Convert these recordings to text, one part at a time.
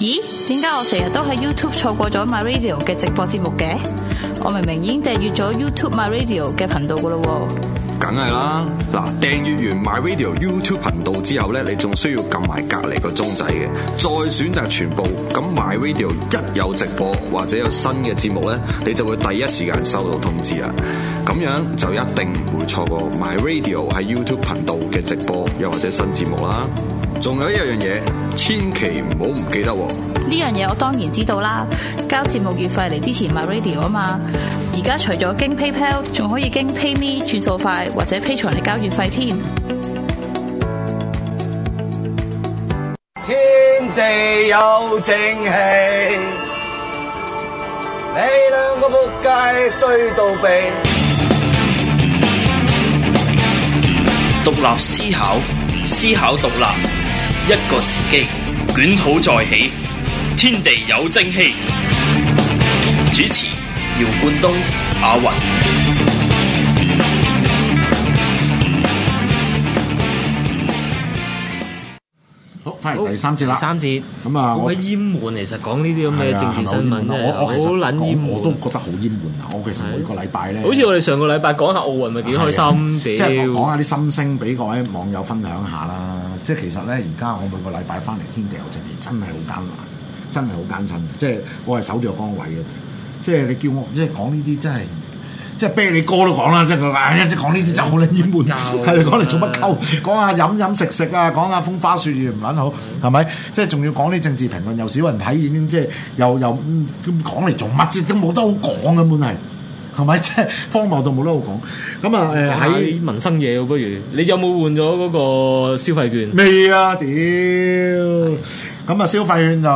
咦？點解我成日都喺 YouTube 錯過咗 My Radio 嘅直播節目嘅？我明明已經訂閱咗 YouTube My Radio 嘅頻道噶咯喎。梗係啦，嗱，訂閱完 My Radio YouTube 頻道之後咧，你仲需要撳埋隔籬個鐘仔嘅，再選擇全部。咁 My Radio 一有直播或者有新嘅節目咧，你就會第一時間收到通知啦！咁樣就一定唔會錯過 My Radio 喺 YouTube 頻道嘅直播又或者新節目啦。仲有一樣嘢，千祈唔好唔記得喎！呢樣嘢我當然知道啦，交節目月費嚟支持 MyRadio 啊嘛！而家除咗經 PayPal，仲可以經 PayMe 轉數快，或者 Patreon 嚟交月費添。天地有正氣，你兩個仆街衰到痹！獨立思考，思考獨立。一個時機，捲土再起，天地有正氣。主持：姚冠東、阿云。好，翻嚟第三節啦。第三節咁啊，好閻悶，其實講呢啲咁嘅政治新聞，係啊、係咪好閻悶我我其實我，好撚閻悶，我都覺得好閻悶啊！我其實每個禮拜咧，好似我哋上個禮拜講下奧運，咪幾開心？嘅、啊，即、就、係、是、講下啲心聲俾各位網友分享下啦。即係其實咧，而家我每個禮拜翻嚟天地友政氣真係好艱難，真係好艱辛。即係我係守住個崗位嘅，即係你叫我即係講呢啲，真係即係啤你哥都講啦，即係佢話，即係講呢啲就好撚厭悶，係 你講嚟做乜鳩？講下飲飲食食啊，講下風花雪月唔撚好，係咪？即係仲要講啲政治評論，又少人睇，已經即係又又咁講嚟做乜啫？都冇得好講嘅本嚟。係咪即係荒謬到冇得好講？咁啊誒，喺民生嘢喎不如，你有冇換咗嗰個消費券？未啊，屌！ 咁啊，消費券就誒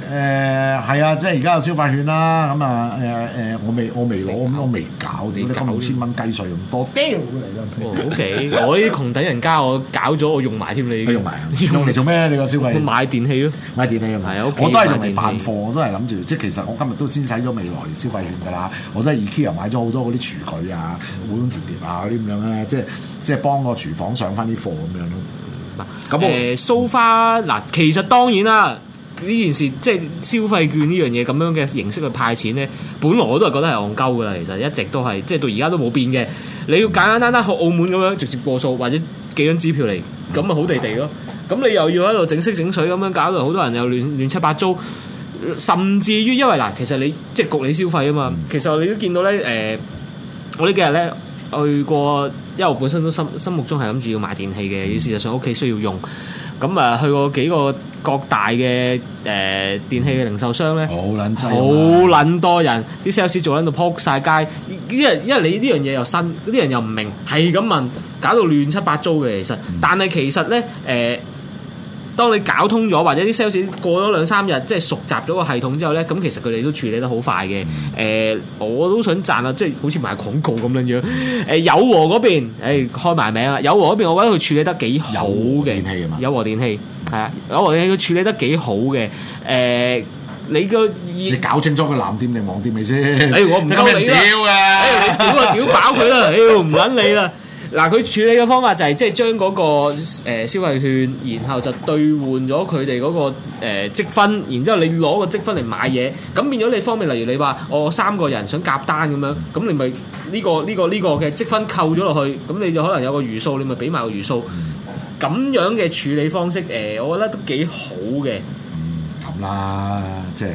係、呃、啊，即係而家有消費券啦。咁、嗯、啊，誒、呃、誒，我未我未攞，我未搞啲咁五千蚊雞碎咁多屌嚟㗎。哦、o、okay, 我啲窮等人家我搞咗我用埋添你。用埋用嚟做咩你個消費券買電器咯，買電器用、啊、係、啊啊 okay, 我都係用嚟辦貨，啊啊、我都係諗住。即係、啊、其實我今日都先使咗未來消費券㗎啦。我都係 IKEA 買咗好多嗰啲廚具啊，嗯、碗碟碟啊嗰啲咁樣咧。即係即係幫個廚房上翻啲貨咁樣咯。誒蘇花嗱，呃 so、far，其實當然啦，呢件事即係消費券呢樣嘢咁樣嘅形式去派錢咧，本來我都係覺得係戇鳩噶啦，其實一直都係，即係到而家都冇變嘅。你要簡簡單單去澳門咁樣直接過數，或者幾張支票嚟，咁咪好地地咯。咁你又要喺度整色整水咁樣搞到好多人又亂，亂七八糟，甚至於因為嗱，其實你即係局你消費啊嘛。其實你都見到咧，誒、呃，我幾呢幾日咧去過。因為我本身都心心目中係諗住要買電器嘅，事實上屋企需要用，咁啊去過幾個各大嘅誒、呃、電器嘅零售商咧，好撚好撚多人啲 sales 做喺度撲晒街，因為因為你呢樣嘢又新，啲人又唔明，係咁問，搞到亂七八糟嘅其實，嗯、但係其實咧誒。呃當你搞通咗，或者啲 sales 過咗兩三日，即係熟習咗個系統之後咧，咁其實佢哋都處理得好快嘅。誒，我都想讚啦，即係好似賣廣告咁樣樣。誒，友和嗰邊，誒開埋名啦。友和嗰邊，我覺得佢處理得幾好嘅。友和電器係啊，友和電器佢處理得幾好嘅。誒，你個你搞清楚佢藍店定黃店未先？哎，我唔夠你啦。哎，你屌啊，屌飽佢啦，屌唔撚你啦。嗱，佢處理嘅方法就係即係將嗰個誒消費券，然後就兌換咗佢哋嗰個誒積分，然之後你攞個積分嚟買嘢，咁變咗你方面，例如你話我三個人想夾單咁樣，咁你咪呢個呢個呢個嘅積分扣咗落去，咁你就可能有個餘數，你咪俾埋個餘數。咁樣嘅處理方式，誒，我覺得都幾好嘅。咁啦，即係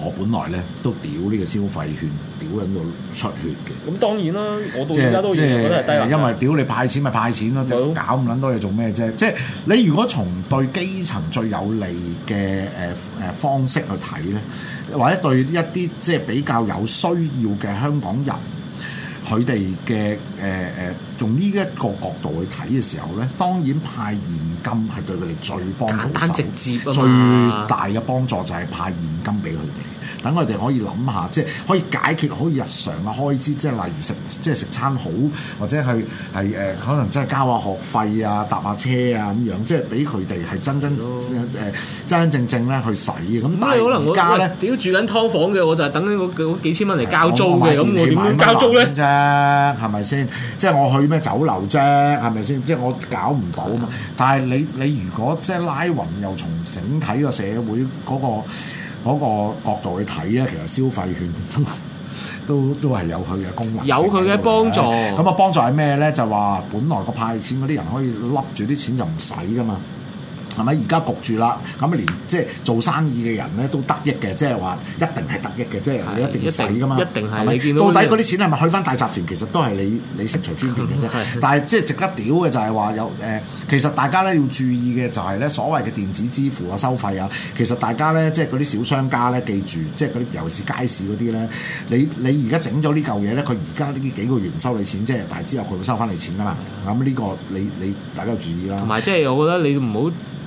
我本來咧都屌呢個消費券。屌撚到出血嘅，咁當然啦，我到而家都仍然都係低。因為屌你派錢咪派錢咯，搞咁撚多嘢做咩啫？即係你如果從對基層最有利嘅誒誒方式去睇咧，或者對一啲即係比較有需要嘅香港人，佢哋嘅誒誒，用呢一個角度去睇嘅時候咧，當然派現金係對佢哋最幫，簡單直接，最大嘅幫助就係派現金俾佢哋。等佢哋可以諗下，即係可以解決好日常嘅開支，即係例如食即係食餐好，或者去係、欸、可能即係交下學費啊、搭下車啊咁樣，即係俾佢哋係真真真真正真正咧去使嘅。咁但係我家咧，屌住緊劏房嘅我就係等嗰幾千蚊嚟交租嘅，咁我點樣交租咧？啫係咪先？即係我去咩酒樓啫？係咪先？即係我搞唔到啊嘛。但係你你如果即係拉勻又從整體個社會嗰、那個。嗰個角度去睇咧，其實消費券都都都係有佢嘅功能，有佢嘅幫助。咁啊，嗰個幫助係咩咧？就話本來個派錢嗰啲人可以笠住啲錢就唔使㗎嘛。係咪而家焗住啦？咁啊，連即係做生意嘅人咧都得益嘅，即係話一定係得益嘅，即係你一定要死㗎嘛。係咪？一定係，到底嗰啲錢係咪去翻大集團？其實都係你你食除專權嘅啫。但係即係值得屌嘅就係話有誒、呃，其實大家咧要注意嘅就係咧所謂嘅電子支付啊、收費啊，其實大家咧即係嗰啲小商家咧，記住即係嗰啲，尤其是街市嗰啲咧，你你而家整咗呢嚿嘢咧，佢而家呢幾幾個月唔收你錢，即係但係之後佢會收翻你錢㗎啦。咁呢個你你大家注意啦。同埋即係我覺得你唔好。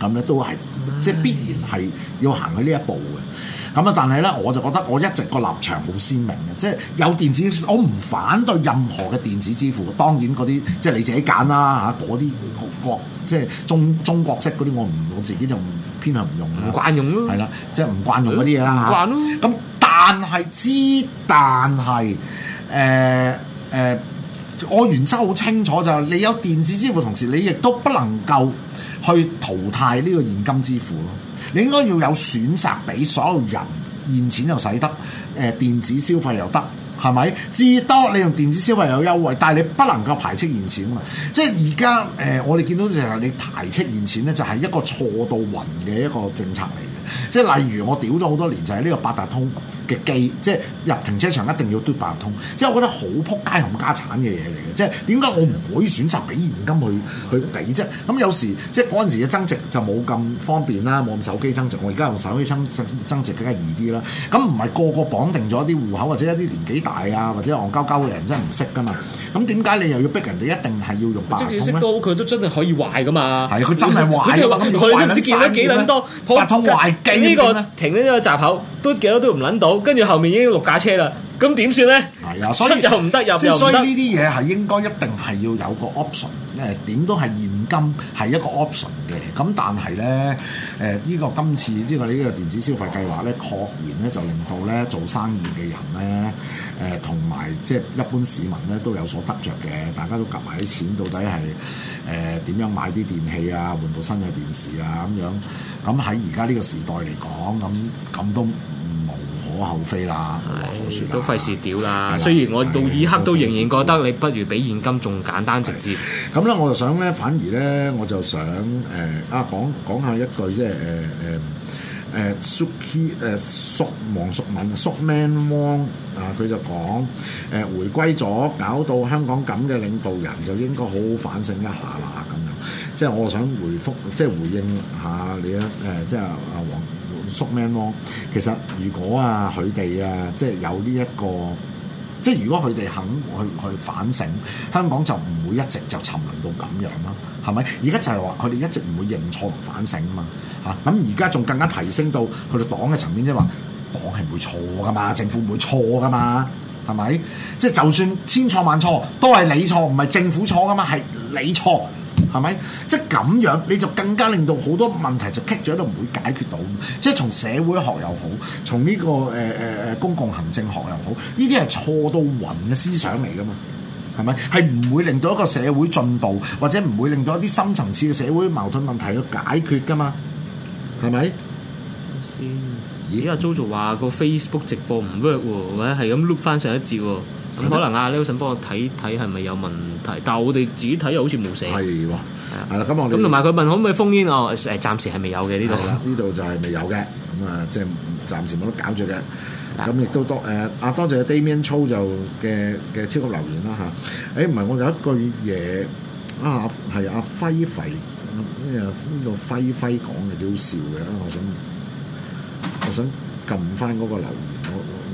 咁咧都係，即係必然係要行去呢一步嘅。咁啊，但係咧，我就覺得我一直個立場好鮮明嘅，即係有電子，我唔反對任何嘅電子支付。當然嗰啲，即係你自己揀啦嚇。嗰啲國即係中中國式嗰啲，我唔，我自己就偏向唔用。唔慣用咯。係啦，即係唔慣用嗰啲嘢啦嚇。嗯、慣咯。咁但係之，但係誒誒，我原則好清楚，就係，就你有電子支付，同時你亦都不能夠去淘汰呢個現金支付咯，你應該要有選擇俾所有人，現錢又使得，誒電子消費又得，係咪？至多你用電子消費有優惠，但係你不能夠排斥現錢啊嘛。即係而家誒，我哋見到就係你排斥現錢咧，就係一個錯到暈嘅一個政策嚟。即係例如我屌咗好多年就係、是、呢個八達通嘅機，即係入停車場一定要嘟八達通，即係我覺得好撲街冚家產嘅嘢嚟嘅。即係點解我唔可以選擇俾現金去去俾啫？咁有時即係嗰時嘅增值就冇咁方便啦，冇咁手機增值，我而家用手機增增值更加易啲啦。咁唔係個個綁定咗啲戶口，或者一啲年紀大啊或者戇鳩鳩嘅人真係唔識㗎嘛？咁點解你又要逼人哋一定係要用八達通咧？佢都真係可以壞㗎嘛？係佢真係壞，佢都唔知叫幾撚多八達通壞。呢、這個停呢個閘口都幾多都唔撚到，跟住後面已經六架車啦,咁點算咧？係啊,出又唔得，入又唔得，所以呢啲嘢係應該一定係要有個 option，誒點都係二。金係一個 option 嘅。咁但係咧誒呢、呃呢個今次呢個呢個電子消費計劃咧，確然咧就令到咧做生意嘅人咧同埋即係一般市民咧都有所得着嘅，大家都夾埋啲錢，到底係呃、點樣買啲電器啊，換到新嘅電視啊咁樣，咁喺而家呢個時代嚟講，咁咁都。我後悔啦，說都費事屌啦。雖然我到此刻都仍然覺得你不如俾現金仲簡單直接。咁咧，我就想咧，反而咧，我就想誒啊，講講一下一句即係誒誒誒，Suki 誒叔黃叔敏叔 Man Wong 啊，佢就講誒、呃、回歸咗，搞到香港咁嘅領導人就應該好好反省一下啦。咁樣，即係我想回覆，即係回應下你一誒、啊，即係阿黃。啊宿命咯，其實如果啊佢哋啊即係有呢、這、一個，即係如果佢哋肯去去反省，香港就唔會一直就沉淪到咁樣啦，係咪？而家就係話佢哋一直唔會認錯，唔反省吖嘛，吓咁而家仲更加提升到佢哋黨嘅層面，即係話黨係唔會錯噶嘛，政府唔會錯噶嘛，係咪？即係就算千錯萬錯都係你錯，唔係政府錯噶嘛，係你錯。係咪？即係咁樣，你就更加令到好多問題就棘咗，喺度，唔會解決到。即係從社會學又好，從呢、呢個誒誒誒公共行政學又好，呢啲係錯到雲嘅思想嚟噶嘛？係咪？係唔會令到一個社會進步，或者唔會令到一啲深層次嘅社會矛盾問題嘅解決噶嘛？係咪？先。咦、哎？阿 Jo 話個 Facebook 直播唔 work 喎，或者係咁 look 翻上一節喎。嗯、可能啊？你好想幫我睇睇係咪有問題？但係我哋自己睇又好似冇事。係喎，係啦。咁我咁同埋佢問可唔可以封煙啊？誒、哦，暫時係未有嘅呢度。呢度就係未有嘅。咁、嗯、啊，嗯、即係暫時冇得搞著嘅。咁亦都多誒，多謝阿 Damian Chau 就嘅嘅超級留言啦吓，誒、啊，唔、哎、係我有一句嘢啊，係阿、啊、輝肥啊邊個輝輝講嘅幾好笑嘅。我想我想撳翻嗰個留言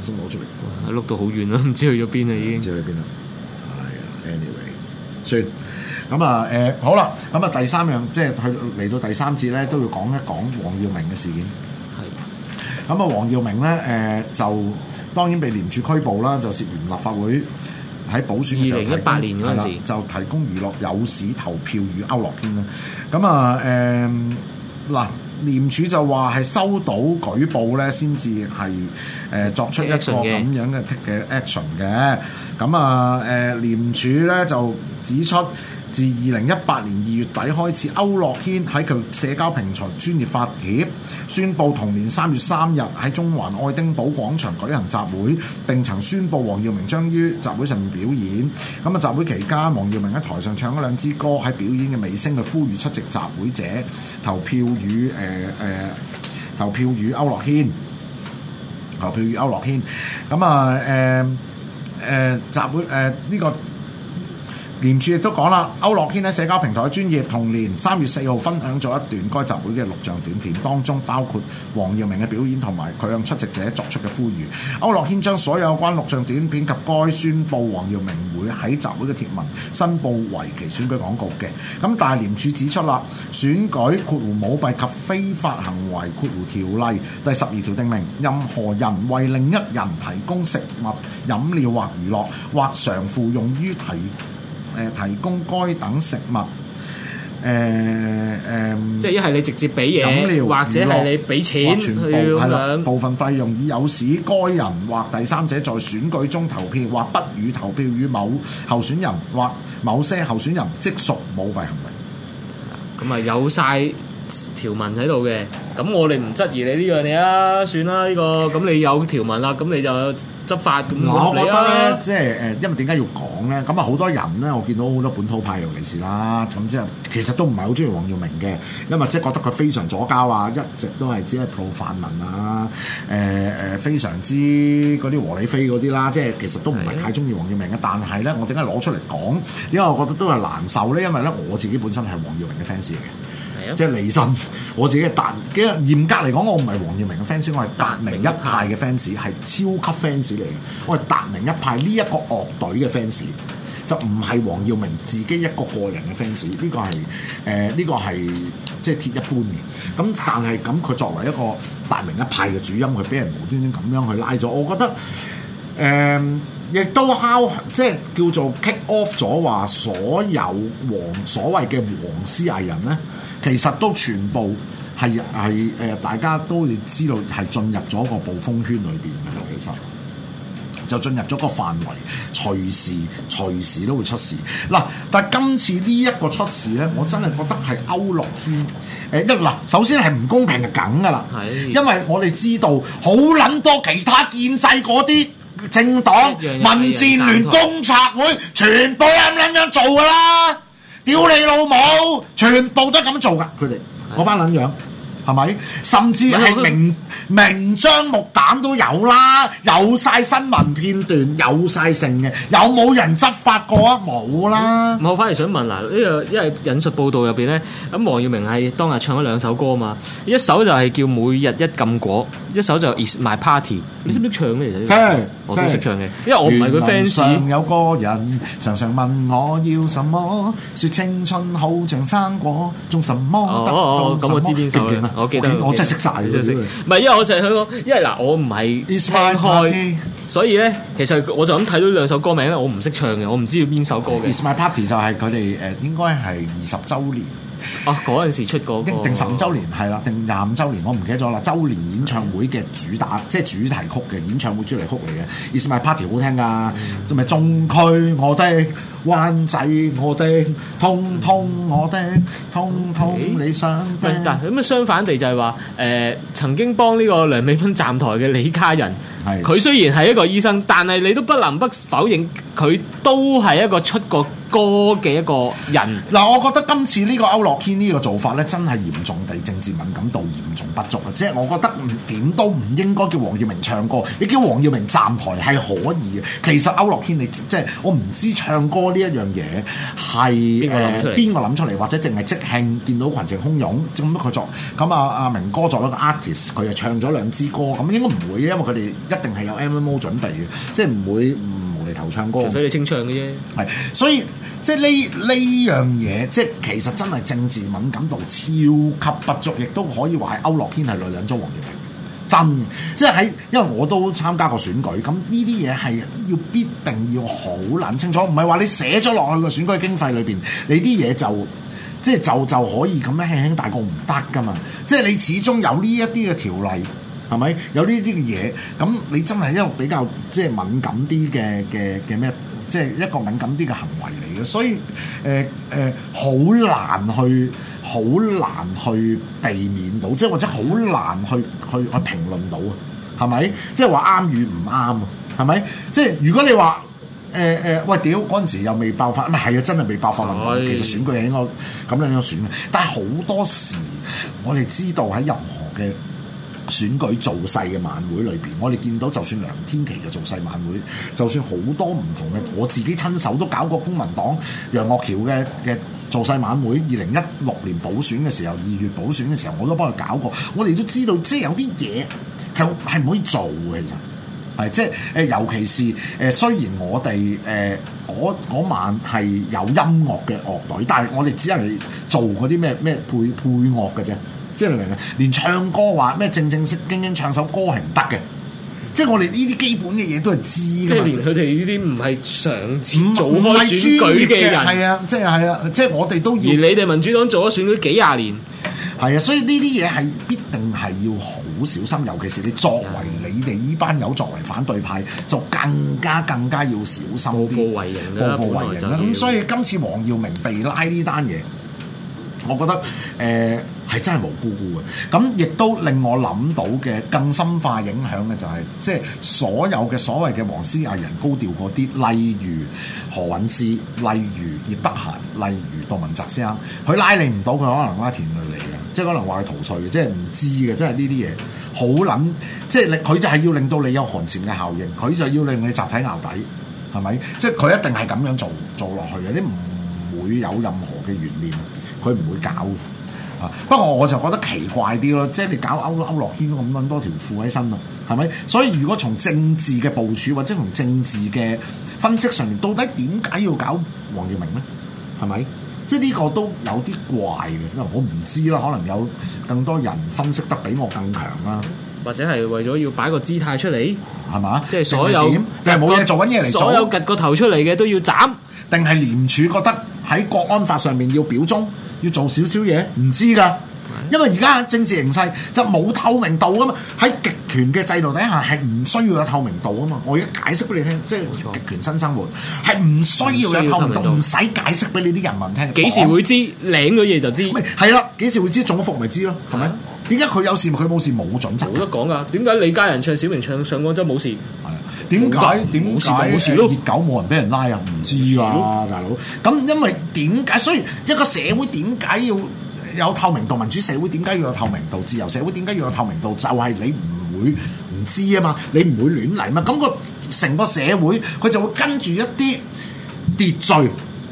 先攞出嚟，碌到好遠啦，唔知道去咗邊啦，已經。唔知去邊啦。係啊，anyway，算。咁啊，誒、呃，好啦，咁啊，第三樣，即係去嚟到第三節咧，都要講一講黃耀明嘅事件。係。咁啊，黃耀明咧，誒、呃，就當然被廉署拘捕啦，就涉嫌立法會喺補選二零一八年嗰時候的，就提供娛樂有市投票與區諾軒啦。咁啊，誒、呃，啦、呃。廉署就話係收到舉報咧，先至係誒作出一個咁樣嘅嘅 action 嘅、啊。咁啊，誒廉署咧，就指出。自二零一八年二月底開始，區諾軒喺佢社交平台專業發帖，宣布同年三月三日喺中環愛丁堡廣場舉行集會，並曾宣佈黃耀明將於集會上面表演。咁啊，集會期間，黃耀明喺台上唱咗兩支歌，喺表演嘅尾聲去呼籲出席集會者投票與誒誒投票與區諾軒投票與區諾軒。咁啊誒誒集會誒呢、呃呢個。廉署亦都講啦，區諾軒喺社交平台專業同年三月四號分享咗一段該集會嘅錄像短片，當中包括黃耀明嘅表演同埋佢向出席者作出嘅呼籲。區諾軒將所有有關錄像短片及該宣佈黃耀明會喺集會嘅貼文，申報為其選舉廣告嘅。咁大廉署指出啦，選舉括弧舞弊及非法行為括弧條例第十二條定明：「任何人為另一人提供食物、飲料或娛樂，或常附用於提誒提供該等食物，誒、呃、誒、呃，即係一係你直接俾嘢飲料，或者係你俾錢去，係啦部，部分費用以有使該人或第三者在選舉中投票或不予投票於某候選人或某些候選人，即屬舞弊行為。咁啊，有晒。條文喺度嘅，咁我哋唔質疑你呢樣嘢啊，算啦，呢、這個咁你有條文啦，咁你就執法咁、啊、我覺得咧，即係誒，因為點解要講咧？咁啊，好多人咧，我見到好多本土派尤其是啦，咁即係其實都唔係好中意黃耀明嘅，因為即係覺得佢非常左膠啊，一直都係只係 pro 泛民啊，誒誒，非常之嗰啲和理非嗰啲啦，即係其實都唔係太中意黃耀明嘅。是啊，但係咧，我點解攞出嚟講？因為我覺得都係難受咧，因為咧我自己本身係黃耀明嘅 fans 嚟嘅。即係李心，我自己達幾，嚴格嚟講，我唔係黃耀明嘅 fans，我係達明一派嘅 fans，係超級 fans 嚟嘅。我係達明一派呢一派這個樂隊嘅 fans，就唔係黃耀明自己一個個人嘅 fans。呢、呃這個係誒呢個係即係貼一般嘅。咁但係咁，佢作為一個達明一派嘅主音，佢俾人無端端咁樣去拉咗，我覺得誒、呃、亦都敲即係叫做 kick off 咗話所有黃所謂嘅黃絲藝人咧。其實都全部係係誒，大家都要知道係進入咗個暴風圈裏邊嘅啦，其實就進入咗個範圍，隨時隨時都會出事。嗱，但係今次呢一個出事咧，我真係覺得係區諾軒誒，因、呃、嗱，首先係唔公平嘅梗噶啦，因為我哋知道好撚多其他建制嗰啲政黨、民建聯、工策會，全部咁撚樣做噶啦。屌你老母！全部都咁做噶，佢哋嗰班撚樣，係咪？甚至係明明張木膽都有啦，有曬新聞片段，有曬成嘅，有冇人執法過啊？冇啦！我反而想問嗱，呢個因為引述報道入邊咧，咁黃耀明係當日唱咗兩首歌嘛，一首就係叫《每日一禁果》。一首就 Is My Party，你識唔識唱嘅嚟啫？識、嗯，我、這個 oh，都識唱嘅。因為我唔係佢 fans。有個人，常常問我要什麼，說青春好像生果，種什麼得什麼咁、oh, oh, oh，我知邊首見見我記得，我我記得，我真係識晒，真係識。唔係，因為我就係佢，因為嗱，我唔係。Is My Party，所以咧，其實我就咁睇到兩首歌名咧，我唔識唱嘅，我唔知要邊首歌嘅。Is My Party 就係佢哋誒，應該係二十週年。啊！嗰陣時出過定十五週年係啦，定廿五週年，我唔記得咗啦。周年演唱會嘅主打，是即係主題曲嘅演唱會主題曲嚟嘅，意思，咪 party 好聽噶，仲、嗯、咪中區我的灣仔我的通通我的、嗯、通通你想、okay？但咁啊，相反地就係話，誒、呃、曾經幫呢個梁美芬站台嘅李家仁，係佢雖然係一個醫生，但係你都不能不否認佢都係一個出過歌嘅一個人嗱，我覺得今次呢個區諾軒呢個做法咧，真係嚴重地政治敏感度嚴重不足啊！即係我覺得唔點都唔應該叫黃耀明唱歌，你叫黃耀明站台係可以嘅。其實區諾軒你即係我唔知道唱歌呢一樣嘢係邊個諗出嚟、呃，或者淨係即興見到群情洶湧咁佢作咁啊，阿明哥作咗個 artist，佢就唱咗兩支歌，咁應該唔會，因為佢哋一定係有 M M O 準備嘅，即係唔會無厘頭唱歌。除非你清唱嘅啫，係所以。即係呢呢樣嘢，即係其實真係政治敏感度超級不足，亦都可以話係區諾軒係累死咗黃耀明，真即係喺因為我都參加過選舉，咁呢啲嘢係要必定要好捻清楚，唔係話你寫咗落去個選舉經費裏邊，你啲嘢就即係就就，就可以咁樣輕輕大過唔得噶嘛。即係你始終有呢一啲嘅條例，係咪有呢啲嘅嘢？咁你真係一個比較即係敏感啲嘅嘅嘅咩？即係一個敏感啲嘅行為嚟嘅，所以誒誒好難去，好難去避免到，即係或者好難去去評論到啊？係咪？即係話啱與唔啱啊？係咪？即係如果你話誒誒喂屌嗰陣時又未爆發，唔係係啊，真係未爆發。其實選舉係應該咁樣樣選嘅，但係好多時我哋知道喺任何嘅。選舉造勢嘅晚會裏邊，我哋見到就算梁天琦嘅造勢晚會，就算好多唔同嘅，我自己親手都搞過公民黨楊岳橋嘅嘅造勢晚會。二零一六年補選嘅時候，二月補選嘅時候，我都幫佢搞過。我哋都知道，即係有啲嘢，佢係唔可以做嘅，其實係即係誒、呃，尤其是誒、呃，雖然我哋誒嗰晚係有音樂嘅樂隊，但係我哋只係做嗰啲咩咩配配樂嘅啫。即係明明啊，連唱歌話咩正正式正經經唱首歌係唔得嘅，即係我哋呢啲基本嘅嘢都係知嘅。即係連佢哋呢啲唔係上前做開選舉嘅人，係啊，即係係啊，即係我哋都而你哋民主黨做咗選舉幾廿年，係啊，所以呢啲嘢係必定係要好小心，尤其是你作為你哋呢班有作為反對派，就更加更加要小心啲。步步為營啦，啊，步步為營啦，啊。咁，啊，所以今次黃耀明被拉呢單嘢。我覺得誒係、呃、真係無辜辜嘅。咁亦都令我諗到嘅更深化影響嘅就係、是，即、就、係、是、所有嘅所謂嘅黃絲藝人高調嗰啲，例如何韻詩，例如葉德嫻，例如杜汶澤先生，佢拉你唔到他，佢可能拉田亮嚟嘅，即、就、係、是、可能話佢逃稅嘅，即係唔知嘅，即係呢啲嘢好諗，即係佢就係、是、要令到你有寒蟬嘅效應，佢就要令你集體淆底，係咪？即係佢一定係咁樣做做落去嘅，你唔會有任何嘅懸念，佢唔會搞嘅、啊。不過我就覺得奇怪啲咯，即係你搞區諾軒咁多條褲喺身咯，係咪？所以如果從政治嘅部署或者從政治嘅分析上面，到底點解要搞黃耀明呢？係咪？即係呢個都有啲怪嘅。因為我唔知啦，可能有更多人分析得比我更強啦、啊，或者係為咗要擺個姿態出嚟，係嘛？即、就、係、是、所有，定係冇嘢做，揾嘢嚟做，所有岌個頭出嚟嘅都要斬，定係廉署覺得？喺國安法上面要表忠，要做少少嘢，唔知噶。因為而家政治形勢就冇透明度啊嘛，喺極權嘅制度底下係唔需要有透明度啊嘛。我而家解釋俾你聽，即係極權新生活係唔需要有透明度，唔使解釋俾你啲人民聽。幾時會知？領咗嘢就知。係啦，幾時會知？中咗伏咪知咯，係咪？點解佢有事佢冇事冇準，準則？冇得講噶。點解李家仁唱小明唱上廣州冇事？點解事，點解熱狗冇人俾人拉啊？唔知啊，大佬。咁因為點解？所以一個社會點解要有透明度？民主社會點解要有透明度？自由社會點解要有透明度？就係你唔會唔知啊嘛，你唔會亂嚟嘛。咁、個成個社會佢就會跟住一啲秩序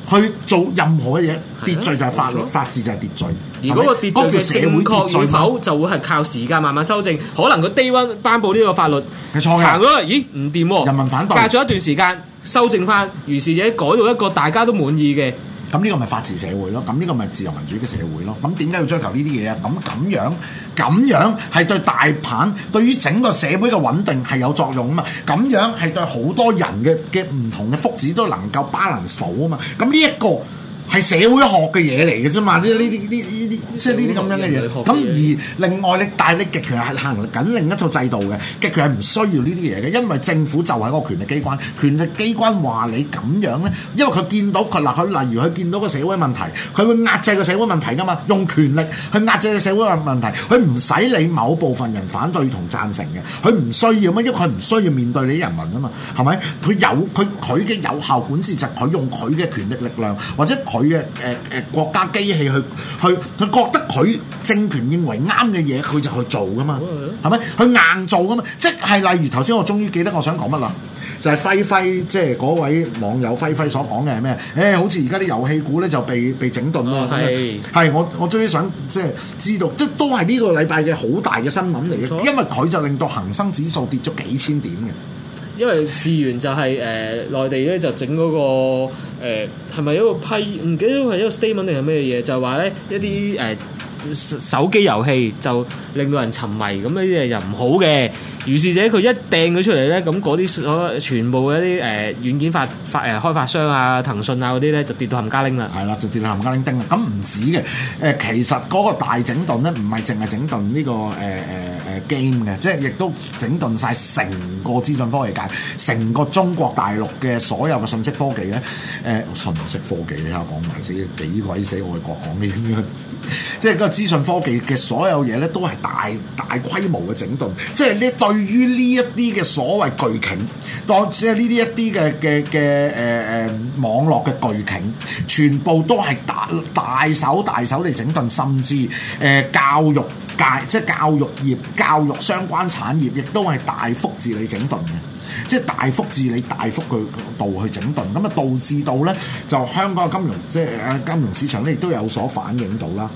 去做任何嘢。秩序就係法律， 法治就係秩序。如果個秩序嘅正確與、那個、否，就會係靠時間慢慢修正。可能個低溫頒布呢個法律，行咗，咦？唔掂、哦，人民反對。隔咗一段時間修正翻，於是者改到一個大家都滿意嘅。咁呢個咪法治社會咯？咁呢個咪自由民主嘅社會咯？咁點解要追求呢啲嘢啊？咁咁樣咁樣係對大盤，對於整個社會嘅穩定係有作用啊嘛！咁樣係對好多人嘅嘅唔同嘅福祉都能夠巴 a l 啊嘛！咁呢一個。係社會學嘅嘢嚟嘅啫嘛，即係呢啲呢呢啲，即係呢啲咁樣嘅嘢。咁而另外，你大力你極權係行緊另一套制度嘅，極權係唔需要呢啲嘢嘅，因為政府就係個權力機關，權力機關話你咁樣咧，因為佢見到佢嗱佢例如佢見到個社會問題，佢會壓制個社會問題噶嘛，用權力去壓制個社會個問題，佢唔使你某部分人反對同贊成嘅，佢唔需要乜，因為佢唔需要面對你啲人民啊嘛，係咪？佢有佢佢嘅有效管治就係佢用佢嘅權力力量或者。佢嘅誒誒國家機器去去佢覺得佢政權認為啱嘅嘢，佢就去做噶嘛，係、oh, 咪、yeah.？佢硬做噶嘛，即係例如頭先我終於記得我想講乜啦，就係、是、輝輝即係嗰位網友輝輝所講嘅係咩？誒、欸，好似而家啲遊戲股咧就被被整頓囉，係、oh, 係我我終於想即係、就是、知道，即都係呢個禮拜嘅好大嘅新聞嚟嘅，因為佢就令到恒生指數跌咗幾千點嘅。因為事緣就係、是、誒、呃、內地咧就整嗰、那個誒係咪一個批唔記得係一個 statement 定係咩嘢？就係話咧一啲誒、呃、手機遊戲就令到人沉迷咁，呢啲嘢又唔好嘅。如是者佢一掟佢出嚟咧，咁嗰啲所全部的一啲誒、呃、軟件發發誒、呃、開發商啊、騰訊啊嗰啲咧就跌到冚家拎啦。係啦，就跌到冚家拎叮啦。咁唔止嘅誒、呃，其實嗰個大整頓咧唔係淨係整頓呢、這個誒誒。呃誒 game 嘅，即係亦都整頓晒成個資訊科技界，成個中國大陸嘅所有嘅信息科技咧，誒、呃，信息科技你睇下講埋死幾鬼死外國講呢即係嗰個資訊科技嘅所有嘢咧，都係大大規模嘅整頓。即係呢，對於呢一啲嘅所謂巨擎，當即係呢啲一啲嘅嘅嘅誒誒網絡嘅巨擎，全部都係大大手大手嚟整頓，甚至誒、呃、教育。界，即係教育業、教育相關產業，亦都係大幅治理整頓嘅，即係大幅治理、大幅度去整頓，咁啊導致到咧就香港嘅金融，即係啊金融市場咧，亦都有所反映到啦，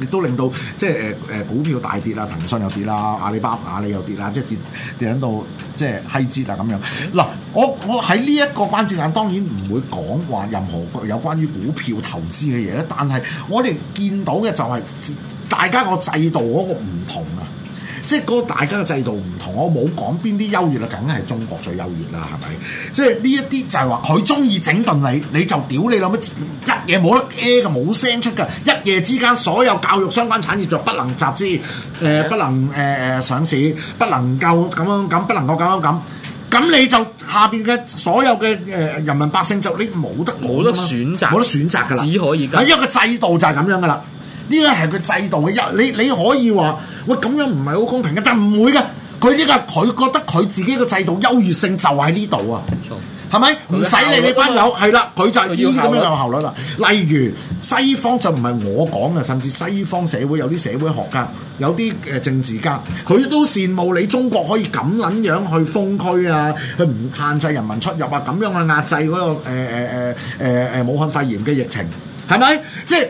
亦都令到即係誒誒股票大跌啦，騰訊又跌啦，阿里巴巴你又跌啦，即係跌跌喺度，即係息跌啊咁樣。嗱，我我喺呢一個關節眼，當然唔會講話任何有關於股票投資嘅嘢咧，但係我哋見到嘅就係、是。大家個制度嗰個唔同啊，即係嗰個大家嘅制度唔同，我冇講邊啲優越啊，梗係中國最優越啦，係咪？即係呢一啲就係話佢中意整頓你，你就屌你攞乜一夜冇得誒嘅冇聲出嘅一夜之間，所有教育相關產業就不能集資，誒、嗯呃、不能誒誒、呃、上市，不能夠咁樣咁，不能夠咁樣咁，咁你就下邊嘅所有嘅誒人民百姓就你冇得冇得選擇，冇得選擇噶啦，只可以依一個制度就係咁樣噶啦。呢個係佢制度嘅優，你你可以話喂咁樣唔係好公平嘅，但唔會嘅。佢呢個佢覺得佢自己嘅制度優越性就喺呢度啊，冇錯，係咪？唔使理你班友係啦，佢就係呢啲咁樣有效率啦。例如西方就唔係我講嘅，甚至西方社會有啲社會學家、有啲誒政治家，佢都羨慕你中國可以咁撚樣去封區啊，去唔限制人民出入啊，咁樣去壓制嗰個誒誒誒誒武漢肺炎嘅疫情，係咪？即係。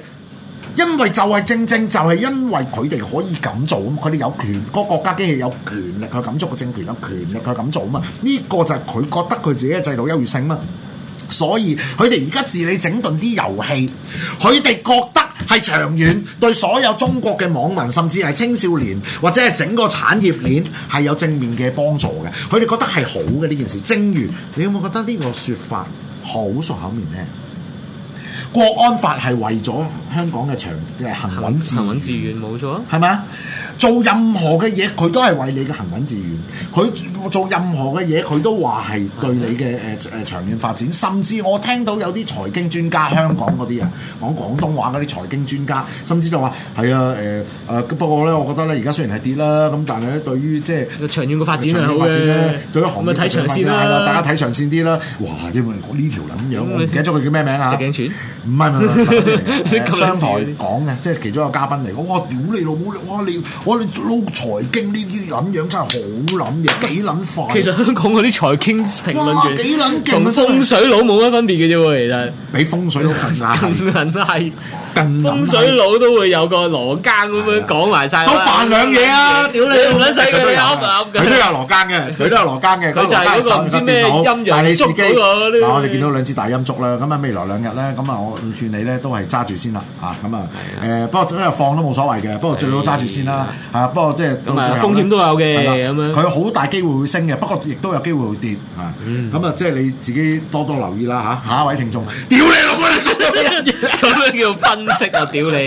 因為就係、是、正正就係因為佢哋可以咁做啊嘛，佢哋有權、個國家機器有權力去咁做，個政權有權力去咁做啊嘛，呢、這個就係佢覺得佢自己嘅制度優越性嘛。所以佢哋而家治理整頓啲遊戲，佢哋覺得係長遠對所有中國嘅網民，甚至係青少年或者係整個產業鏈係有正面嘅幫助嘅。佢哋覺得係好嘅呢件事。正如你有冇覺得呢個説法好熟口面呢？國安法係為咗香港嘅長嘅，行穩致遠，行穩致遠，冇錯，係咪啊？做任何嘅嘢，佢都係為你嘅行穩自遠。佢做任何嘅嘢，佢都話係對你嘅誒誒長遠發展。甚至我聽到有啲財經專家，香港嗰啲啊，講廣東話嗰啲財經專家，甚至就話係啊誒誒、欸啊。不過咧，我覺得咧，而家雖然係跌啦咁，但係咧，對於即係長遠嘅發展係好嘅。對於行業嘅發展啦。大家睇長線啲啦。哇！因為呢條咁樣，我唔記得咗佢叫咩名啊？石鏡泉唔係唔係商台講嘅，即係其中一個嘉賓嚟嘅。哇！屌你老母！哇你！我哋撈財經呢啲諗樣真係好諗嘅。幾撚快？其實香港嗰啲財經評論員同、啊、風水佬冇乜分別嘅啫喎，其實比風水佬更， 更難拉。 風水佬都會有個羅庚咁樣講埋曬，都扮兩嘢啊！屌你，唔撚使嘅，你啱唔啱？佢都有羅庚嘅，佢都有羅庚嘅。佢就係嗰個唔知咩陰陽燭嗰個。嗱，我哋見到兩支大陰燭啦。咁啊，未來兩日咧，咁啊，我勸你咧都係揸住先啦。啊，咁啊，誒，不過今日放都冇所謂嘅，不過最好揸住先啦。係啊，不過即係風險都有嘅，咁樣。佢好大機會會升嘅，不過亦都有機會會跌。係，咁啊，即係你自己多多留意啦嚇。下一位聽眾，屌你老母！咁樣叫分？識就屌你，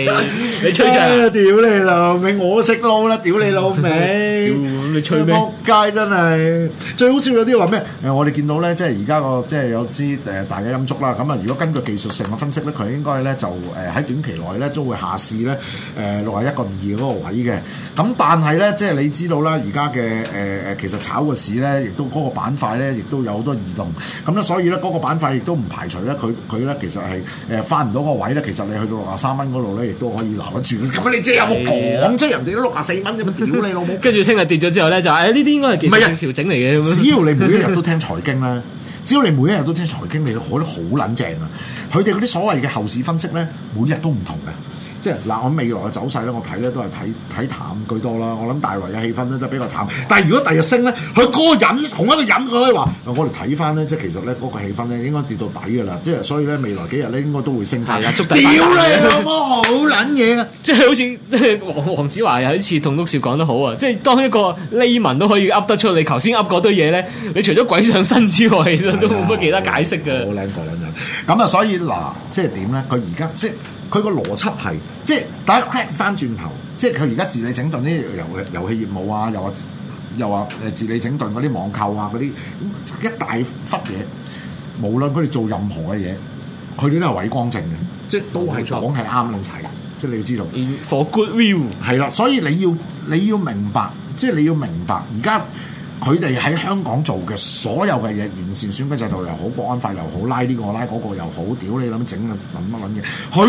你吹啫！屌你老味，我識撈啦！屌你老味，屌你吹咩？仆街，真係最好笑，有啲話咩？誒，我哋見到咧，即係而家個即係有支誒大嘅陰燭啦。咁啊，如果根據技術上嘅分析咧，佢應該咧就誒喺短期內咧都會下市咧誒六廿一個二嗰個位嘅。咁但係咧，即係你知道啦，而家嘅誒誒其實炒個市咧，亦都嗰個板塊咧，亦都有好多異動。咁咧，所以咧嗰個板塊亦都唔排除咧，佢佢咧其實係誒翻唔到個位咧。其實你去到。六廿三蚊嗰度咧，亦都可以拿得住。咁你即係有冇講？即係、啊、人哋都六廿四蚊，咁屌你老母。跟住聽日跌咗之後咧，就誒呢啲應該係技術調整嚟嘅。啊、 只要你每一日都聽財經啦， 只要你每一日都， 都聽財經，你學得好撚正啊！佢哋嗰啲所謂嘅後市分析咧，每日都唔同嘅。嗱，我未來嘅走勢咧，我睇咧都係睇睇淡居多啦。我諗大圍嘅氣氛咧都比較淡。但係如果第二日升咧，佢嗰個忍，同一個忍，佢話、呃：我哋睇翻咧，即係其實咧嗰、嗰個氣氛咧應該跌到底噶啦。即係所以咧，未來幾日咧應該都會升翻。係捉第屌你老母，好撚嘢啊！即係好似黃黃子華有一次同棟篤笑講得好啊！即係當一個 l 文都可以噏得出你頭先噏嗰堆嘢咧，你除咗鬼上身之外，其實都冇乜其他解釋㗎、啊。好靚，好靚，靚。咁啊，所以嗱，即係點咧？佢而家即佢個邏輯係，即係大家 crack 翻轉頭，即係佢而家治理整頓呢遊遊戲業務啊，又話又話誒治理整頓嗰啲網購啊嗰啲，咁一大忽嘢，無論佢哋做任何嘅嘢，佢哋都係偽光正嘅，即係都係講係啱撚齊嘅，即係你要知道。In、for good view 係啦，所以你要你要明白，即係你要明白而家。佢哋喺香港做嘅所有嘅嘢，完善選舉制度又好，國安法又好，拉呢個拉嗰個又好，屌你諗整啊，諗乜撚嘢？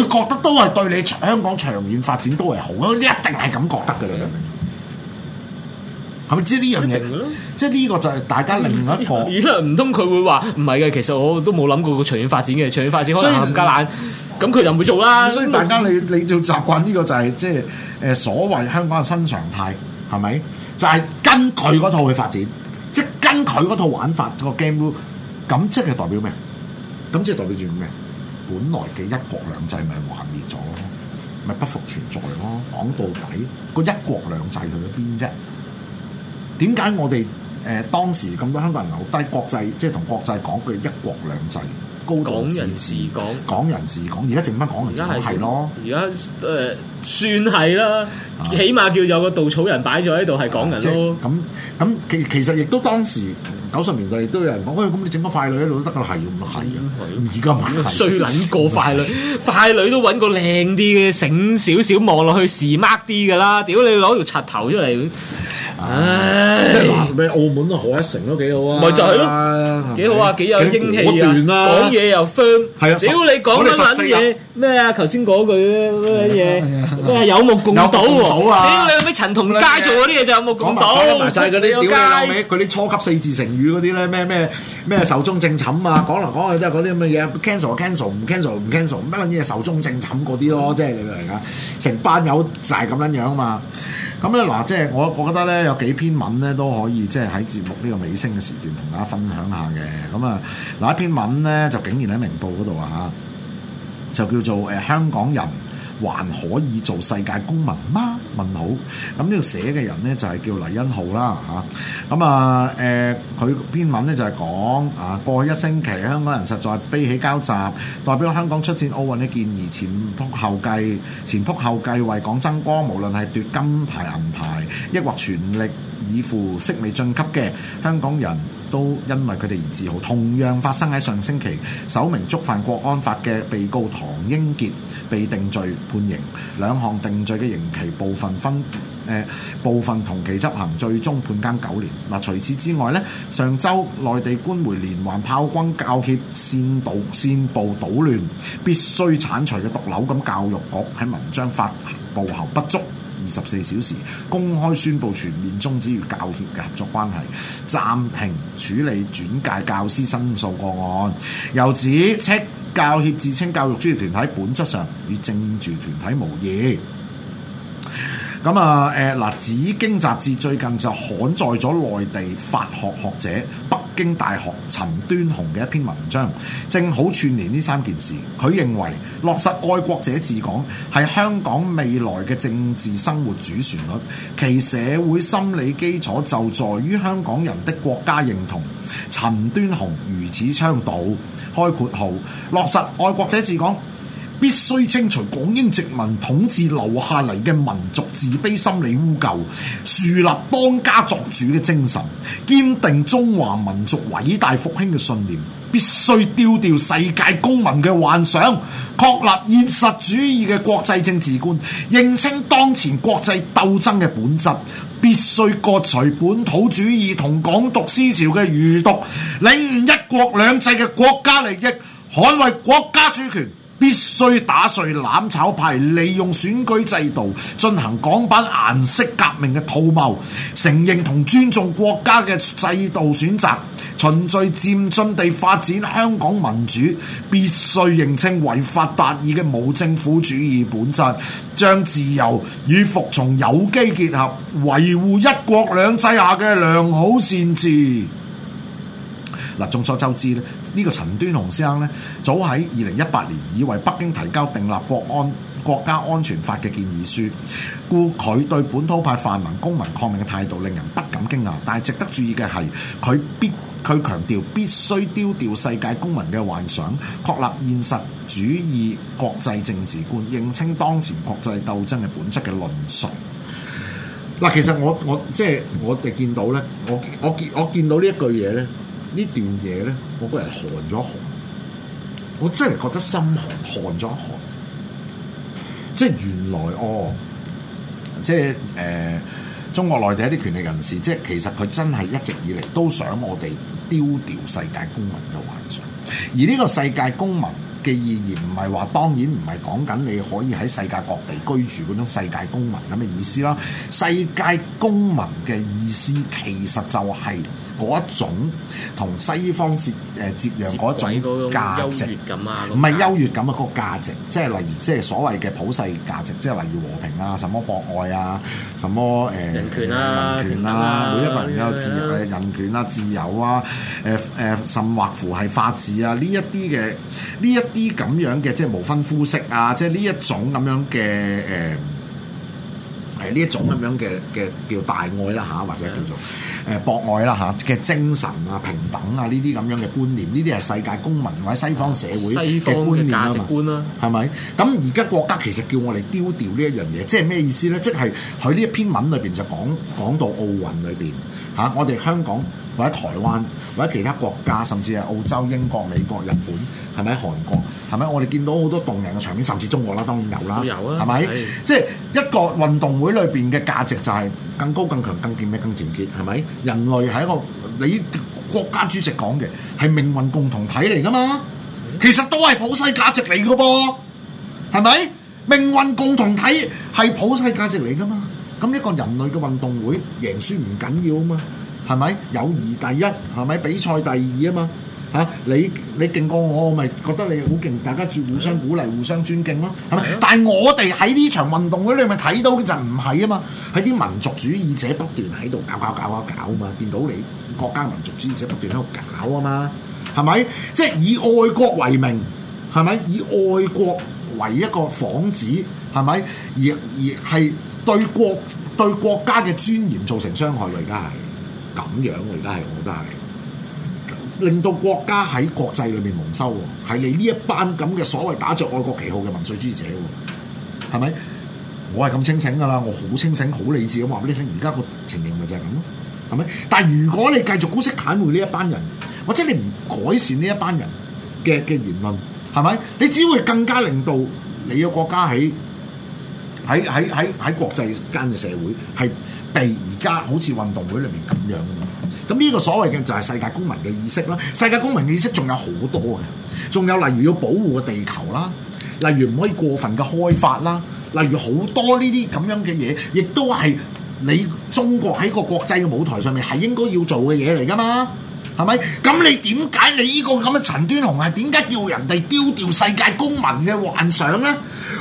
佢覺得都係對你香港長遠發展都係好一，一定係咁覺得嘅啦。係咪？知呢樣嘢？即係呢個就係大家另一個，唔通佢會話唔係嘅？其實我都冇諗過佢長遠發展嘅，長遠發展可能林家蘭咁佢又唔會做啦。所以大家你你做習慣呢個就係，即係誒所謂香港嘅新常態，係咪？就係、是、跟佢嗰套去發展，即、就、係、是、跟佢嗰套玩法、那個 game rule 咁即係代表咩？咁即係代表住咩？本來嘅一國兩制咪幻滅咗咯，咪、就是、不復存在咯。講到底，個一國兩制去咗邊啫？點解我哋誒、呃、當時咁多香港人留低國際，即係同國際講句：「一國兩制」？港人治港，港人治港，而家剩翻港人治港係咯。而家，誒、呃，算係啦，啊、起碼叫做有個稻草人擺咗喺度係港人治港咯。咁、啊、咁、就是，其其實亦都當時九十年代亦都有人講，喂、嗯，咁、哎、你整個快女喺度都得噶啦，係咁，係啊，而家衰撚過快女，快 女都揾個靚啲嘅，醒少少，望落去時髦啲噶啦。屌你攞條柒頭出嚟！ 唉，咩澳門啊，何一成都幾好啊，咪就係咯，幾好啊，幾有英氣啊，講嘢又 friend，屌你講乜撚嘢？咩啊？頭先嗰句乜嘢都係有目共睹喎！屌你俾陳同佳做嗰啲嘢就有目共睹啊！屌你俾陳同佳做嗰啲嘢就有目共睹啊！屌你啲初級四字成語嗰啲咧，咩咩咩壽終正寢啊，講嚟講去都係嗰啲咁嘅嘢，cancel cancel 唔 cancel 唔 cancel，乜撚嘢壽終正寢嗰啲咯，即係你哋而家成班友就係咁撚樣啊嘛！咁咧嗱，即係我，我覺得咧有幾篇文咧都可以即係喺節目呢個尾聲嘅時段同大家分享下嘅。咁啊，嗱一篇文咧就竟然喺明報嗰度啊，就叫做誒、呃、香港人。還可以做世界公民嗎？問號。咁呢度寫嘅人咧就係叫黎恩浩啦嚇。咁啊誒，佢篇文咧就係講啊，過去一星期香港人實在悲喜交集，代表香港出戰奧運嘅建議前仆後繼，前仆後繼為港爭光，無論係奪金牌銀牌，抑或全力以赴惜未晉級嘅香港人。都因為佢哋而自豪。同樣發生喺上星期，首名觸犯國安法嘅被告唐英傑被定罪判刑，兩項定罪嘅刑期部分分誒部分同期執行，最終判監九年。嗱，除此之外咧，上週內地官媒連環炮轟教協煽獨煽暴、搗亂，必須剷除嘅毒瘤。咁教育局喺文章發布後不足二十四小時公開宣布全面終止與教協嘅合作關係，暫停處理轉介教師申訴個案，又指斥教協自稱教育專業團體，本質上與政治團體無異。咁啊，誒嗱，《紫荊》雜誌最近就刊載咗內地法學學者。北京大學陳端雄嘅一篇文章，正好串連呢三件事。佢認為落實愛國者治港係香港未來嘅政治生活主旋律，其社會心理基礎就在於香港人的國家認同。陳端雄如此倡導，開括號落實愛國者治港。必須清除港英殖民統治留下嚟嘅民族自卑心理污垢，樹立當家作主嘅精神，堅定中華民族偉大復興嘅信念。必須丟掉世界公民嘅幻想，確立現實主義嘅國際政治觀，認清當前國際鬥爭嘅本質。必須割除本土主義同港獨思潮嘅餘毒，領悟一國兩制嘅國家利益，捍衛國家主權。必須打碎攬炒派，利用選舉制度進行港版顏色革命嘅圖謀，承認同尊重國家嘅制度選擇，循序漸進地發展香港民主，必須認清違法達義嘅冇政府主義本質，將自由與服從有機結合，維護一國兩制下嘅良好善治。嗱，眾所周知咧。呢、這個陳端洪先生呢，早喺二零一八年已為北京提交訂立國安國家安全法嘅建議書，故佢對本土派泛民公民抗命嘅態度令人不感驚訝。但係值得注意嘅係，佢必佢強調必須丟掉世界公民嘅幻想，確立現實主義國際政治觀，認清當前國際鬥爭嘅本質嘅論述。嗱，其實我我即係我哋見到咧，我我見、就是、我見到呢一句嘢呢。呢段嘢咧，我個人寒咗寒，我真係覺得心寒，寒咗寒。即係原來哦，即係誒、呃，中國內地一啲權力人士，即係其實佢真係一直以嚟都想我哋丟掉世界公民嘅幻想。而呢個世界公民嘅意義唔係話，當然唔係講緊你可以喺世界各地居住嗰種世界公民噉嘅意思啦。世界公民嘅意思其實就係、是。嗰一種同西方接誒、呃、接壤嗰一種價值咁啊，唔係優越感啊，嗰、嗰個啊嗰個價值，即係例如即係所謂嘅普世價值，即係例如和平啊，什麼博愛啊，什麼誒、呃、人權啊，人權啊，啊，每一個人都有自由嘅人權啊，自由啊，誒誒、啊啊呃、甚或乎係法治啊，呢一啲嘅呢一啲咁樣嘅即係無分膚色啊，即係呢一種咁樣嘅誒。呃誒呢一種咁樣嘅嘅叫大愛啦嚇、嗯，或者叫做誒博愛啦嚇嘅精神啊、嗯、平等啊呢啲咁樣嘅觀念，呢啲係世界公民或者西方社會嘅觀念、西方價值觀啊嘛，係咪？咁而家國家其實叫我哋丟掉呢一樣嘢，即係咩意思咧？即係佢呢一篇文裏邊就講，講到奧運裏邊嚇，我哋香港。或者台灣或者其他國家，甚至係澳洲、英國、美國、日本，係咪韓國？係咪我哋見到好多動人嘅場面，甚至中國啦，當然有啦，係咪、啊？即係一個運動會裏邊嘅價值就係更高、更強、更健美、更團結，係咪？人類係一個你國家主席講嘅係命運共同體嚟㗎嘛、嗯，其實都係普世價值嚟㗎噃，係咪？命運共同體係普世價值嚟㗎嘛，咁一個人類嘅運動會贏輸唔緊要啊嘛。係咪友誼第一，係咪比賽第二啊嘛？嚇、啊、你你勁過我，我咪覺得你好勁，大家互相鼓勵、互相尊敬咯。係咪、啊？但係我哋喺呢場運動會你咪睇到嘅就唔係啊嘛！喺啲民族主義者不斷喺度搞搞搞啊搞啊嘛！見到你國家民族主義者不斷喺度搞啊嘛，係咪？即係以愛國為名，係咪？以愛國為一個幌子，係咪？而而係對國對國家嘅尊嚴造成傷害，而家係。咁樣嘅，而家係，我覺得係令到國家喺國際裏面蒙羞喎，係你呢一班咁嘅所謂打着愛國旗號嘅民粹主義者喎，係咪？我係咁清醒㗎啦，我好清醒、好理智咁話俾你聽，而家個情形咪就係咁咯，係咪？但係如果你繼續姑息袒護呢一班人，或者你唔改善呢一班人嘅嘅言論，係咪？你只會更加令到你嘅國家喺喺喺喺喺國際間嘅社會係。第而家好似運動會裏面咁樣咁，咁呢個所謂嘅就係世界公民嘅意識啦。世界公民意識仲有好多嘅，仲有例如要保護個地球啦，例如唔可以過分嘅開發啦，例如好多呢啲咁樣嘅嘢，亦都係你中國喺個國際嘅舞台上面係應該要做嘅嘢嚟㗎嘛。係咪？咁你點解你呢個咁嘅陳端洪係點解叫人哋丟掉世界公民嘅幻想呢？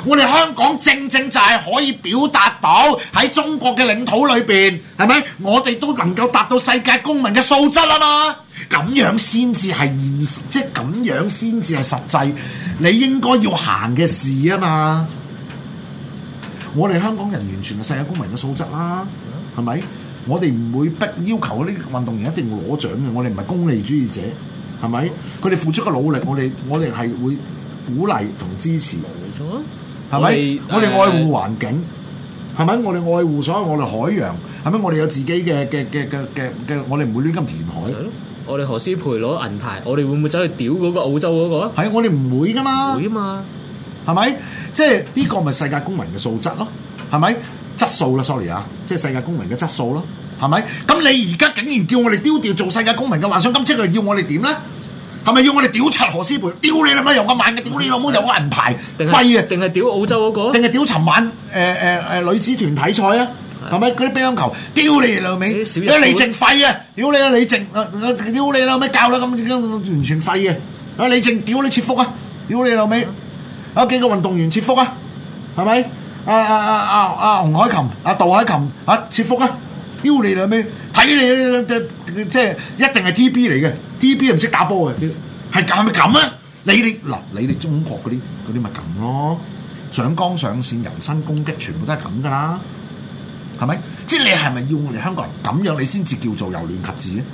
我哋香港正正就係可以表達到喺中國嘅領土裏邊，係咪？我哋都能夠達到世界公民嘅素質啊嘛！咁樣先至係現實，即係咁樣先至係實際，你應該要行嘅事啊嘛！我哋香港人完全係世界公民嘅素質啦，係咪？我哋唔會逼要求嗰啲運動員一定攞獎嘅，我哋唔係功利主義者，係咪？佢哋付出嘅努力，我哋我哋係會鼓勵同支持們，冇錯啊，係咪？我哋愛護環境，係咪？我哋愛護所有我哋海洋，係咪？我哋有自己嘅嘅嘅嘅嘅嘅，我哋唔會亂咁填海。我哋何詩蓓攞銀牌，我哋會唔會走去屌嗰個澳洲嗰個？係我哋唔會㗎嘛，會啊嘛，係咪？即係呢個咪世界公民嘅素質咯，係咪？質素啦，sorry 啊，即係世界公民嘅質素咯。係咪？咁你而家竟然叫我哋丟掉做世界公民嘅幻想，咁即係要我哋點咧？係咪要我哋屌柒何詩蓓？屌你老母用咁慢嘅！屌你老母又冇銀牌廢啊！定係屌澳洲嗰、那個？定係屌尋晚誒誒誒女子團體賽啊？係咪嗰啲乒乓球，屌你老味，啊李靜廢啊！屌你啊李靜！屌你老咩教啦咁咁完全廢嘅！啊李靜屌你切腹啊！屌你老味，有、啊、幾個運動員切腹啊？係咪？啊，啊，啊，啊，阿洪凱琹、阿、啊、杜凱琹啊，切腹啊！屌你啦咩？睇你即即一定係 T B 嚟嘅，T B 唔識打波嘅，係咁咪咁啊？你哋嗱，你哋中國嗰啲啲咪咁咯？上綱上線、人身攻擊，全部都係咁噶啦，係咪？即你係咪要我哋香港人咁樣，你先至叫做由亂及治咧？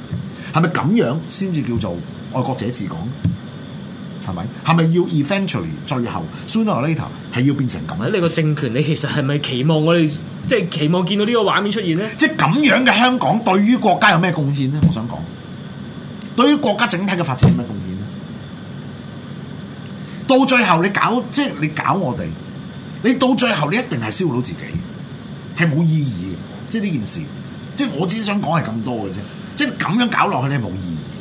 係咪咁樣先至叫做愛國者治港？係咪？係咪要 eventually 最後 sooner or later 係要變成咁啊？你個政權你其實係咪期望我哋？即係期望見到呢個畫面出現咧，即係咁樣嘅香港對於國家有咩貢獻咧？我想講，對於國家整體嘅發展有咩貢獻咧？到最後你搞即係你搞我哋，你到最後你一定係燒到自己，係冇意義嘅。即係呢件事，即係我只想講係咁多嘅啫。即係咁樣搞落去咧，冇意義嘅，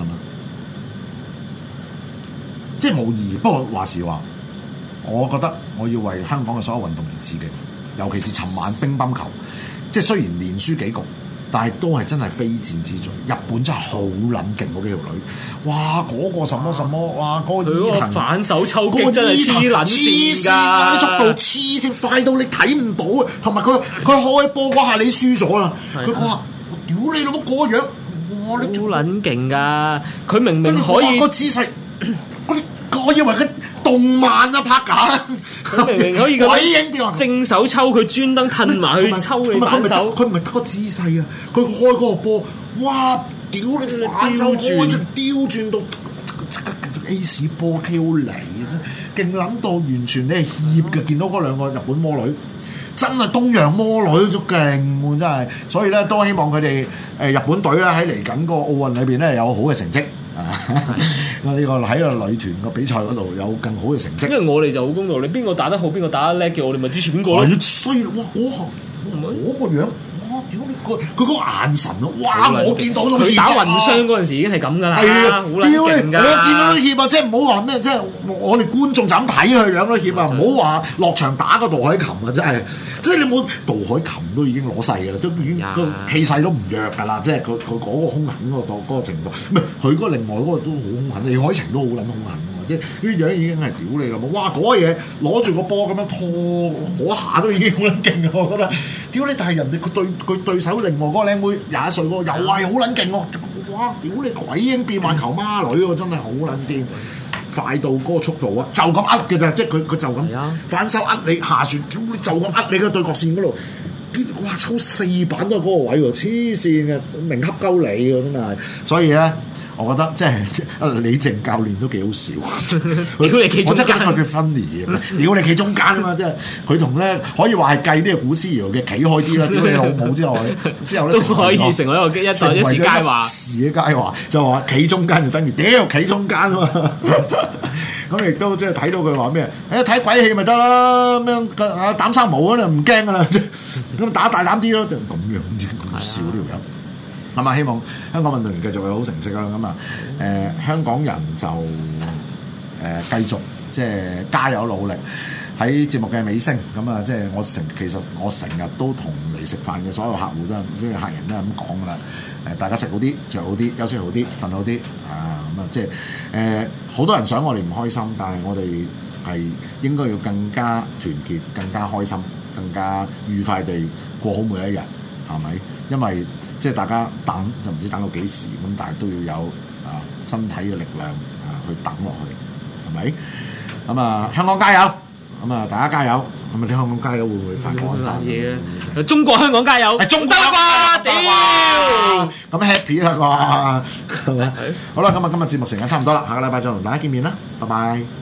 係嘛？即係冇意義。不過話時話。我覺得我要為香港嘅所有運動員致敬，尤其是尋晚乒乓球，即雖然連輸幾局，但係都係真係非戰之罪。日本真係好撚勁嗰幾條女，哇！嗰、那個什麼？什麼？哇！嗰、那個、個反手抽擊真係黐撚線，速度黐線快到你睇唔到啊！同埋佢佢開波嗰下你輸咗啦，佢講：我屌你老母個樣，哇！你真係撚勁㗎，佢明明可以個姿勢，我以為佢。動漫啊拍緊， 明明明可影嘅正手抽佢專登褪埋去抽佢反手，佢唔係得個姿勢啊！佢開嗰個波，哇！屌你反手波，真係掉轉到即刻 A 市波跳嚟嘅啫，勁諗到,到,到,到,到,到完全你係怯嘅。見、嗯、到嗰兩個日本魔女，真係東洋魔女足勁，真係。所以咧，都希望佢哋誒日本隊咧喺嚟緊個奧運裏邊咧有好嘅成績。啊！呢個喺個女團個比賽嗰度有更好嘅成績，因為我哋就好公道，你邊個打得好，邊個打得叻嘅，我哋咪支持邊個。你衰啦！哇，行，唔係，我個樣。屌佢個眼神咯，哇！我見到佢打混雙嗰陣時已經係咁噶啦，好撚勁㗎！我見到佢怯啊，即係唔好話咩，即係我哋觀眾就咁睇佢樣都怯啊，唔好話落場打個杜海琴啊，真係，即係你冇杜海琴都已經攞曬噶啦，都已經、yeah. 氣勢都唔弱噶啦，即係佢佢嗰個兇狠嗰、嗰個程度，佢嗰另外嗰個都好兇狠，李海晴都好撚兇狠。即係呢樣已經係屌你啦，哇，嗰嘢攞住個波咁樣拖，嗰下都已經好撚勁啊！我覺得屌你，但係人哋佢對佢對手另外嗰個靚妹廿一歲嗰又係好撚勁喎！哇，屌你鬼英變埋球媽女喎！真係好撚癲，快到個速度，嗯就是，啊！就咁呃嘅咋，即係佢佢就咁反手呃你下旋屌你就咁呃你嘅對角線嗰度，哇，抽四板都喺嗰個位喎！黐線嘅明恰鳩你嘅真係，所以咧。我覺得即係李靜教練都幾好笑，如果 你企中間，我真係隔佢嘅分離。如 果你企中間啊嘛，即係佢同咧可以話係計啲古思堯嘅企開啲啦， 你老母之後，之後、這個、都可以成為一個一時一時佳話。時嘅佳話就話企中間就等於，屌又企中間啊嘛！咁 亦都即係睇到佢話咩？睇、哎、鬼戲咪得啦咁樣，啊膽生毛啦，唔驚噶啦，咁打大膽啲咯，就咁樣啫，少呢條咁啊！希望香港運動員繼續有好成績啦！咁啊，誒、呃、香港人就誒、呃、繼續即係加油努力喺節目嘅尾聲。咁啊，即係我成其實我成日都同嚟食飯嘅所有客戶都係即係客人都係咁講噶啦。誒、呃，大家食好啲，著好啲，休息好啲，瞓好啲啊！咁啊，即係誒好多人想我哋唔開心，但係我哋係應該要更加團結、更加開心、更加愉快地過好每一日，係咪？因為即係大家等就唔知等到幾時咁，但係都要有啊身體嘅力量啊去等落去，係咪？咁啊香港加油！咁啊大家加油！咁啊你香港加油會唔會反港翻嘢？中國香港加油！中國啊啩，屌！咁 happy 啦啩，係咪？好啦，咁啊今日節目時間差唔多啦，下個禮拜再同大家見面啦，拜拜。